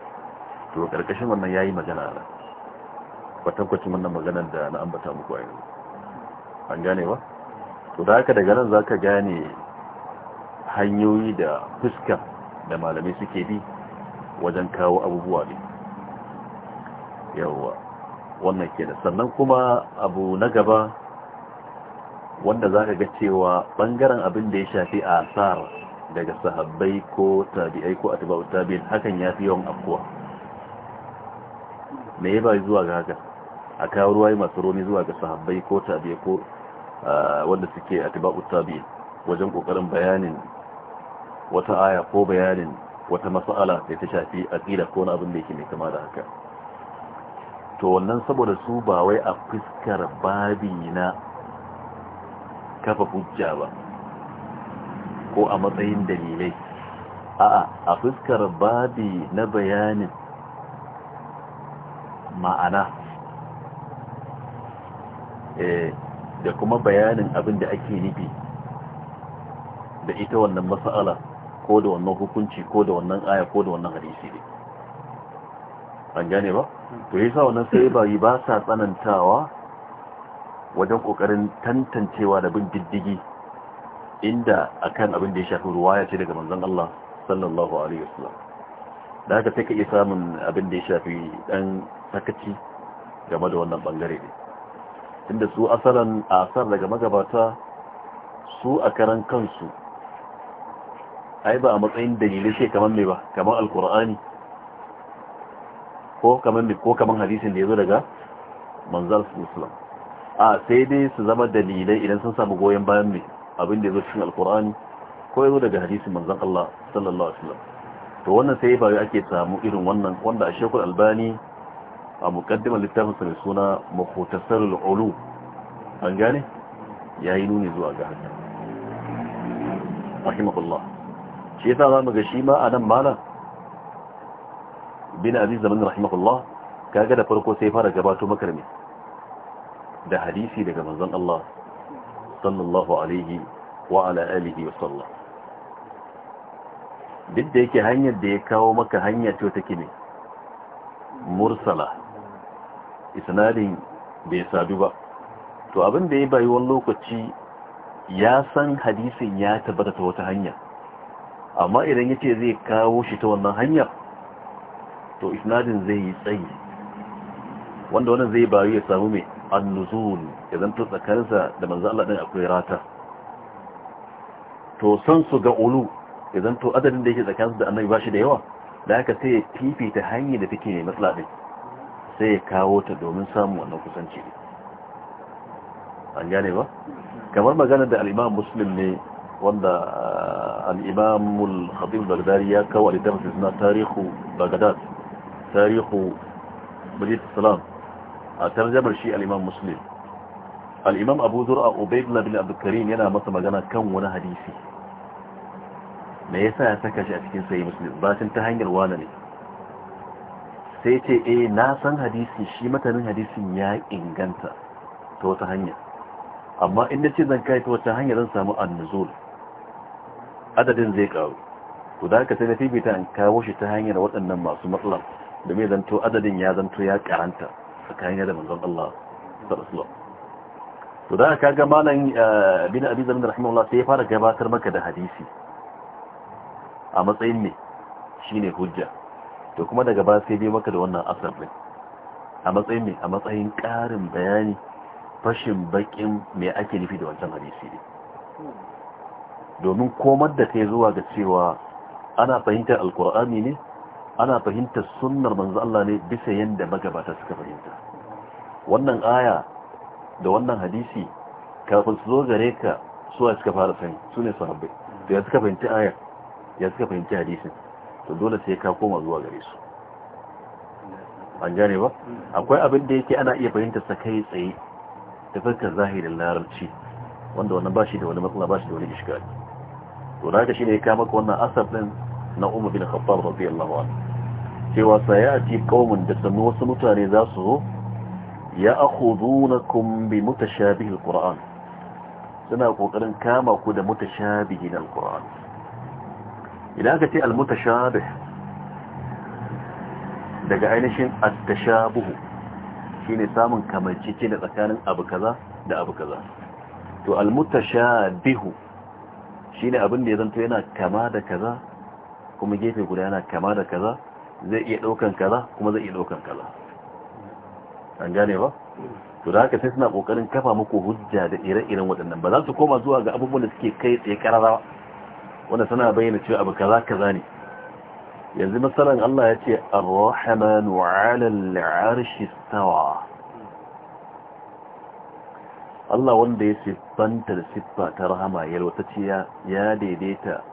Speaker 1: to karkashin wannan yayi magana na tabbaci wannan maganar da na ambata muku a yanzu an gane ba to da haka daga nan zaka gane hanyoyi da fuska da malamai suke bi wajen kawo abubuwa ne yawwa wannan kenan sannan kuma abu na gaba wanda zaka ga cewa bangaren abin da ya shafi a asar daga sahabbai ko tabi'ai ko atba'u tabi'in hakan yafi yawan afkuwa me ya ba zuwa ga haka a kawo ruwaye masu roni zuwa ga sahabbai ko tabi'a ko wanda suke a tabi'u tabi'i wajen kokarin bayanin wata aya ko bayanin wata mas'ala da ta shafi aqida ko wani abin da yake mai kama da haka to wannan saboda su ba wai a fuskar babi na kafa hujja ba ko a matsayin dalilai a a fuskar babi na bayanin ma'ana eh, da kuma bayanin abin da ake nufi da ita wannan mas'ala ko da wannan hukunci ko da wannan aya ko da wannan hadisi ne an gane ba to yasa wannan sai ba yi ba sa tsanantawa wajen kokarin tantancewa da bin diddigi inda akan abin da ya shafi ruwaya ce daga manzon Allah sallallahu alaihi wasallam da haka sai ka iya samun abin da ya shafi ɗan sakaci game da wannan ɓangare ne inda su asalan asar daga magabata su a karan kansu ai ba a matsayin dalilai sai kamar mai ba kamar alkur'ani ko kamar ko kamar hadisin da ya zo daga manzal islam a sai dai su zama dalilai idan sun samu goyon bayan mai abin da ya zo cikin alkur'ani ko ya zo daga hadisin manzan allah sallallahu alaihi wasallam to wannan sai ba ake samu irin wannan wanda a shekul albani a mukaddimar littafin sa mai suna mahotasar al'ulu an gane ya yi nuni zuwa ga haka rahimahullah shi yasa za mu ga shi ma a nan malam bin aziz zaman rahimahullah kaga da farko sai fara gabato makarmi da hadisi daga manzon Allah sallallahu alaihi wa ala alihi wa sallam duk da yake hanyar da ya kawo maka hanyar ce ne mursala isnadin bai sadu ba to abin da ya bayi wani lokaci ya san hadisin ya tabbata ta wata hanya amma idan ya ce zai kawo shi ta wannan hanyar to isnadin zai yi tsayi wanda wannan zai bayu ya samu mai annuzul ya zanto tsakarsa da manzo Allah din akwai rata to san su ga ulu ya to adadin da yake tsakaninsu da annabi ba shi da yawa da haka sai ya fifita hanyar da take ne matsala ɗin sai ya kawo ta domin samun wannan kusanci an gane ba kamar magana da al'imam muslim ne wanda uh, al'imamul khatib bagdari ya kawo a littafin suna tarihu bagdad tarihu bajit salam a tarjabar shi al'imam muslim al'imam abu zura a ubaidullah bin abdulkarim yana masa magana kan wani hadisi me yasa ya saka shi a cikin sayi muslim sun ta hanyar wani ne sai ce eh na san hadisi shi matanin hadisin ya inganta ta wata hanya amma inda ce zan kai ta wata hanya zan samu annuzul adadin zai karu to da ka sai na fifita an kawo shi ta hanyar waɗannan masu matsala da mai zanto adadin ya zanto ya karanta tsakanin da manzon Allah sallallahu to da haka ga malam eh, bin da zamin Allah sai ya fara gabatar maka da hadisi a matsayin ne ne hujja to kuma daga ba sai dai maka da wannan asar a matsayin ne a matsayin ƙarin bayani fashin bakin me ake nufi da wancan hadisi ne domin komar da kai zuwa ga cewa ana fahimtar alkur'ani ne ana fahimtar sunnar manzo Allah ne bisa yanda magabata suka fahimta wannan aya da wannan hadisi kafin su zo gare ka suwa suka fara sani su ne sahabbai da ya suka fahimci ayar ya suka fahimci hadisin to dole sai ka koma zuwa gare su an gane ba akwai abin da yake ana iya fahimtar sa kai tsaye ta fuskar zahirin larabci wanda wannan bashi da wani matsala bashi da wani iskari to naka shine ya kama wannan asar ɗin na Umar bin Khattab radiyallahu anhu cewa sayati qaumun da sanu wasu mutane za su zo ya akhudunakum bi mutashabihi alquran suna kokarin kama ku da mutashabihi alquran idan aka ce almutashabih daga ainihin attashabuhu shine samun kamancece da tsakanin abu kaza da abu kaza to almutashabihu shine abin da ya zanto yana kama da kaza kuma gefe guda yana kama da kaza zai iya daukan kaza kuma zai iya daukan kaza an gane ba to da haka sai suna kokarin kafa muku hujja da ire-iren waɗannan ba za su koma zuwa ga abubuwan da suke kai tsaye kararrawa wanda tana bayyana cewa abu kaza kaza ne yanzu misalan Allah ya ce ar wa 'ala al-'arshi istawa Allah wanda ya siffanta da siffa ta rahama yalwatacciya ya daidaita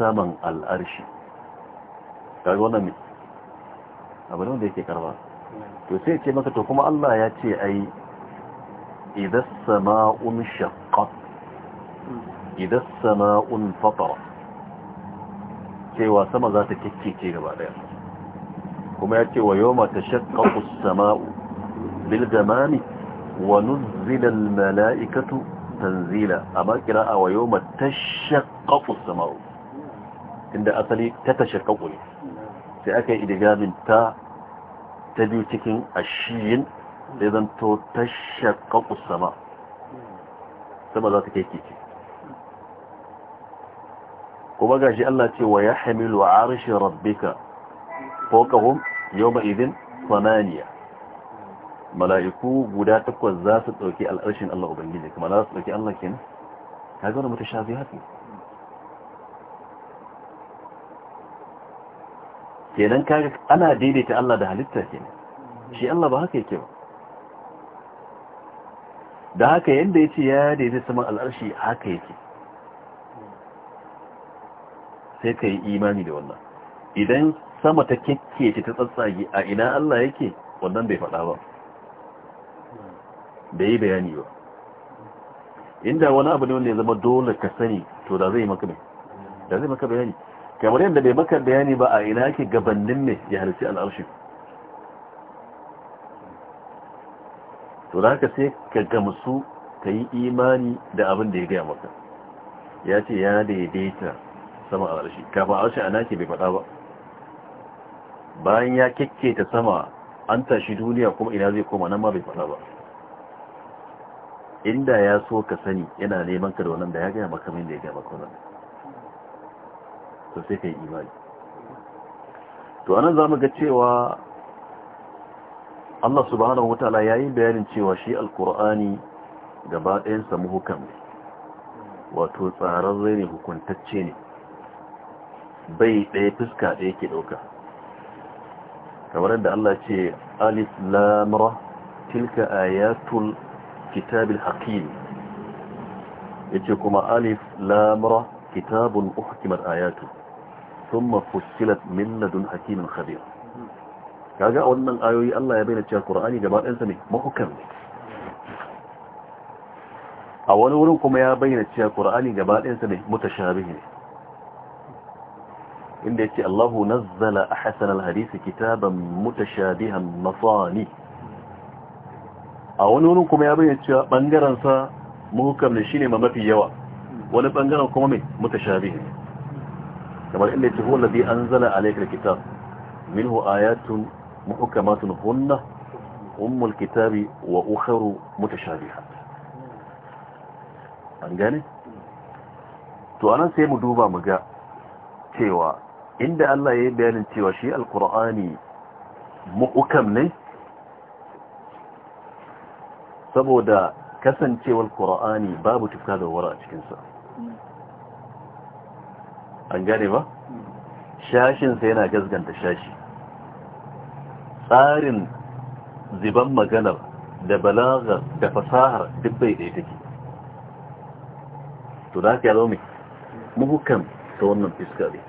Speaker 1: saman al'arshi kaga wannan ne abu ne wanda yake karba to sai ce maka to kuma Allah ya ce ai idan sama'un shaqqat إذا السماء انفطر كيوا سما ذات كيكيكي كي كما يكي ويوم تشقق السماء بالجمام ونزل الملائكة تنزيلا أما كراء ويوم تشقق السماء عند أصلي تتشقق لي سأكا إذا جامل تا تبيو تكين الشيين لذن تو تشقق السماء سما ذات كيكيكي كي. kuma gashi Allah ce wa ya hamilu a arshi rabbika fokahum yau ba idin sananiya mala'iku guda takwas za su ɗauki al'arshin Allah Ubangiji kuma za su ɗauki Allah kin ya zaune mutu shafi hafi kenan kaga ana daidaita Allah da halitta kenan shi Allah ba haka yake ba da haka yadda ya ce ya daidaita saman al'arshi haka yake sai ka yi imani da wannan idan sama ta kekkece ta tsatsage a ina Allah yake wannan bai faɗa ba bai yi bayani ba inda wani abu ne wanda ya zama dole ka sani to da zai maka da zai maka bayani kamar yadda bai maka bayani ba a ina yake gabanin ne ya halitta al'arshi to da haka sai ka gamsu ka yi imani da abin da ya gaya maka ya ce ya daidaita sama a arshi kafin arshi bai faɗa ba bayan ya ta sama an tashi duniya kuma ina zai koma nan ma bai faɗa ba inda ya so ka sani yana neman ka da wannan da ya gaya maka min da ya gaya maka wannan to sai ka yi imani to anan za mu ga cewa Allah subhanahu wa ta'ala yayi bayanin cewa shi alqur'ani gaba ɗayan sa muhukam ne wato tsararre ne hukuntacce ne bai ɗaya fuska da yake ɗauka kamar yadda Allah ce alif lamra tilka ayatul kitabil hakim yace kuma alif lamra kitabun uhkimat ayatu thumma fussilat min ladun hakimin khabir kaga wannan ayoyi Allah ya bayyana cewa Qur'ani gaba ɗayan sa ne mahukam a wani wurin kuma ya bayyana cewa Qur'ani gaba ɗayan sa ne mutashabihi ne inda yake Allahu nazzala ahsan alhadisi kitaban mutashabihan masani a wani wurin kuma ya bayyana cewa bangaren sa muhkam ne shine mafi yawa wani bangaren kuma mai mutashabihi kamar inda yake huwa alladhi anzala alayka alkitab minhu ayatun muhkamatun hunna ummu alkitabi wa ukharu mutashabihat an gane to anan sai mu duba mu ga cewa inda Allah ya yi bayanin cewa shi alkur'ani mu'ukam ne saboda kasancewar kur'ani babu tufka da wara a cikinsa an gane ba shashinsa yana gazganta shashi tsarin ziban maganar da balagar da fasahar duk bai ɗaya take to da haka ya zo mu'ukam ta wannan fiskari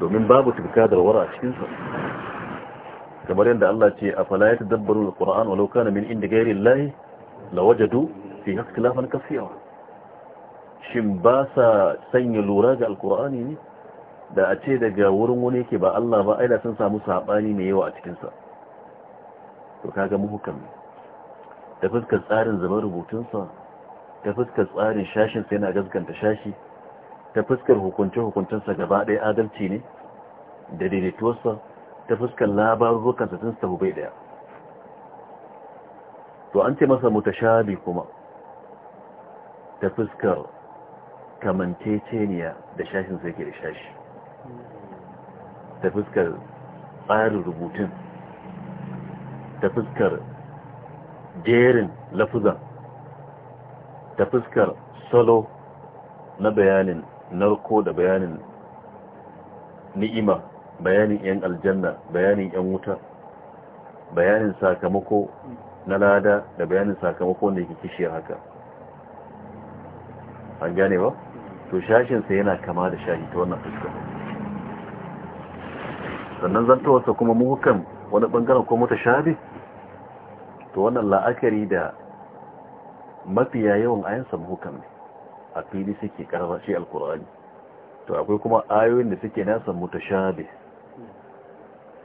Speaker 1: domin babu tufka da warwara a cikinsa kamar yadda Allah ce a fala ya tadabbaru alquran walau kana min inda ghairi llahi lawajadu fi ikhtilafan kaseera shin ba sa sanya lura ga alqurani ne da a ce daga wurin wani yake ba Allah ba aida sun samu sabani mai yawa a cikin sa to kaga muhukam da fuskar tsarin zaman rubutunsa ta fuskar tsarin shashin sai na gaskanta shashi ta fuskar hukunce-hukuncensa gaba ɗaya adalci ne da daidaituwarsa ta fuskar labarukansa tun sabu bai ɗaya to an ce masa mutashabi kuma ta fuskar kamanceceniya da shashinsa ke da shashi ta fuskar tsarin rubutun ta fuskar jerin lafuzan ta fuskar salo na bayanin narko da bayanin ni'ima bayanin 'yan aljanna bayanin 'yan wuta bayanin sakamako na lada da bayanin sakamako da yake kishiyar haka an gane ba? to shashinsa yana kama da shahi ta wannan fuska sannan zantowarsa kuma muhukan wani bangaren kuma ta shabi to wannan la'akari da mafiya yawan ayansa muhukan ne a fili suke karama shi alkur'ani to akwai kuma ayoyin da suke nasa mutashabih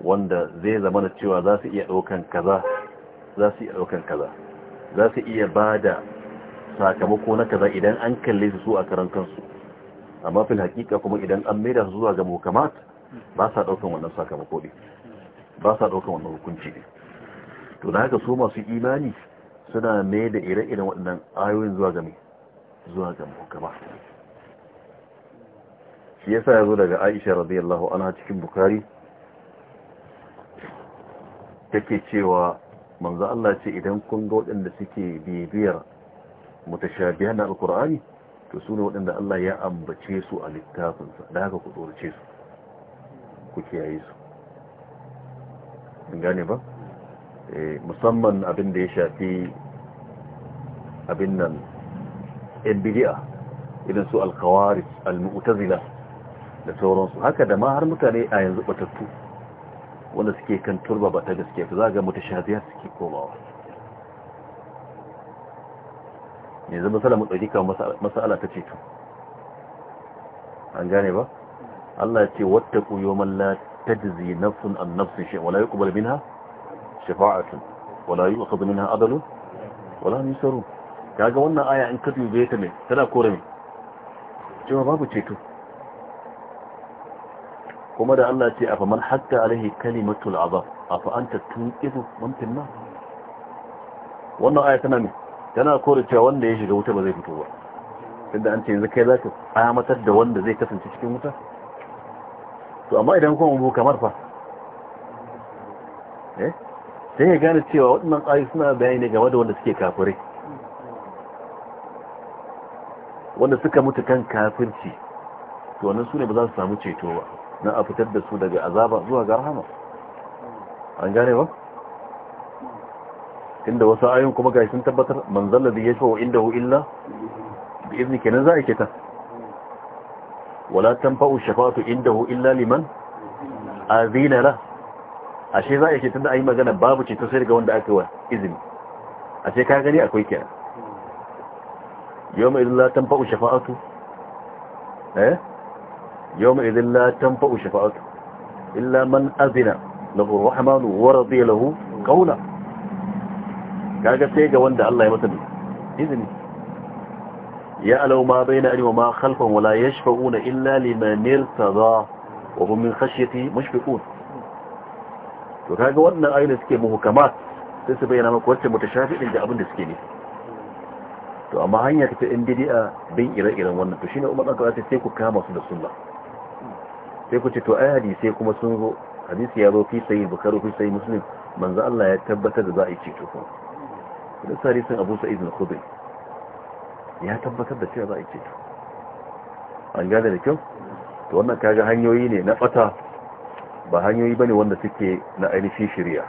Speaker 1: wanda zai zama da cewa za su iya ɗaukan kaza za su iya ɗaukan kaza za su iya ba da sakamako na kaza idan an kalle su su a karan kansu amma fil hakika kuma idan an maida su zuwa ga muhkamat ba sa ɗaukan wannan sakamako ne ba sa ɗaukan wannan hukunci ne to da haka su masu imani suna mai da ire-iren waɗannan ayoyin zuwa ga mai zuwa ga gaba shi yasa ya zo daga aisha radiyallahu ana cikin bukari take cewa manzo Allah ce idan kun ga waɗanda suke bibiyar mutashabiha na alkur'ani to su ne waɗanda Allah ya ambace su a littafinsa da haka ku tsorace su ku kiyaye su gane ba eh, musamman abin da ya shafi abin nan yan bidiya idan su alkawari almu'tazila da sauransu haka da ma har mutane a yanzu batattu wanda suke kan turba ba ta gaske za ga mutashabiya suke komawa yanzu masala mu dauki kan masala ta ceto an gane ba Allah ya ce wattaqu yawman la tajzi nafsun an nafsin shay wala yuqbal minha shafa'atun wala yu'khadhu minha adalun wala yusarun kaga wannan aya in ka dube ta ne tana kore ne cewa babu ceto kuma da Allah ce afa man hakka alaihi kalimatul azab afa anta tunqidu man fil nar wannan aya tana ne tana kore cewa wanda ya shiga wuta ba zai fito ba tunda an ce yanzu kai zaka amatar da wanda zai kasance cikin wuta to amma idan kuma mu kamar fa eh sai ya gane cewa waɗannan ayoyi suna bayani game da wanda suke kafirai wanda suka mutu kan kafirci to wannan su ne ba za su samu ceto ba na a fitar da su daga azaba zuwa ga rahama an gane ba inda wasu ayoyin kuma ga sun tabbatar man zalla da yashfa wa indahu illa bi izni kenan za a ke ta wala tanfa'u shafa'atu indahu illa liman azina la ashe za a ke da ayi magana babu ceto sai ga wanda aka wa izini ashe ka gani akwai kenan yau mai la tanfa'u shafa'atu shafa'atu illa man azina lahu rahmanu wa radiya lahu qawla kaga sai ga wanda Allah ya masa izini ya alau ma bayna ani wa ma khalfan wala yashfa'una illa liman irtada wa hum min khashyati mushfiqun to kaga wannan da suke muhkamat sai su bayyana maka wacce shafi in da abin da suke ne to amma hanya ta ɗan bidi'a bin ire-iren wannan to shine umar ɗan ta sai ku kama su da sunna sai ku ce to ai sai kuma sun zo hadisi ya zo fi sayi bukari fi sayi muslim manzo Allah ya tabbatar da za a yi ceto ko da sun Abu Sa'id al-Khudri ya tabbatar da cewa za a yi ceto an gane da kyau to wannan kaga hanyoyi ne na fata. ba hanyoyi bane wanda suke na ainihin shari'a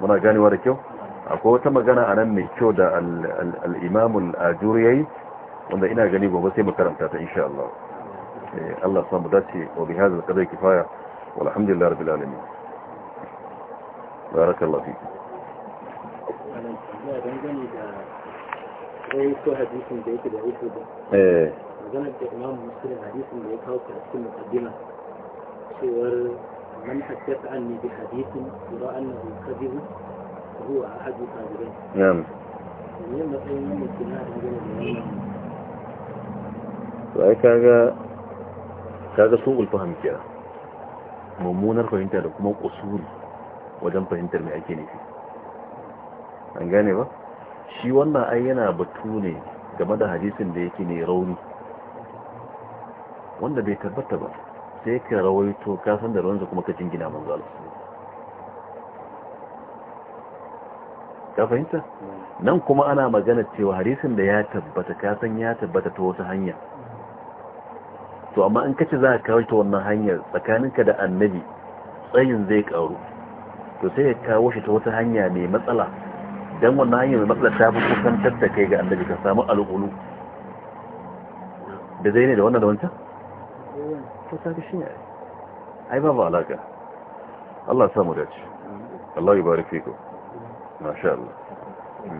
Speaker 1: muna ganewa da kyau akwai wata magana a nan mai kyau da al'imamun al, yayi wanda ina gani gobe sai makaranta ta insha Allah eh, Allah samu dace wa bi hazin kadai kifaya walhamdulillah rabbil alamin barakallahu fi
Speaker 2: eh maganar
Speaker 1: cewar man haddasa anni hadithin yara annahu هو أحد القادرين نعم kaga sun mummunar fahimta da kuma kusuri wajen fahimtar mai ake nufi an gane ba shi wannan ai yana batu ne game da hadisin da yake ne rauni wanda bai tabbata ba sai ka rawaito kasan da ruwansa kuma ka jingina manzalar ka fahimta nan kuma ana magana cewa hadisin da ya tabbata ka san ya tabbata ta wata hanya to amma in kace za ka kawo ta wannan hanyar tsakaninka da annabi tsayin zai karu to sai ya kawo shi ta wata hanya mai matsala dan wannan hanya mai matsala ta fi kusantar da kai ga annabi ka samu alƙulu da zai ne da wannan da wancan to ta shi ne ai babu alaka Allah samu dace Allah ya barike ku masha Allah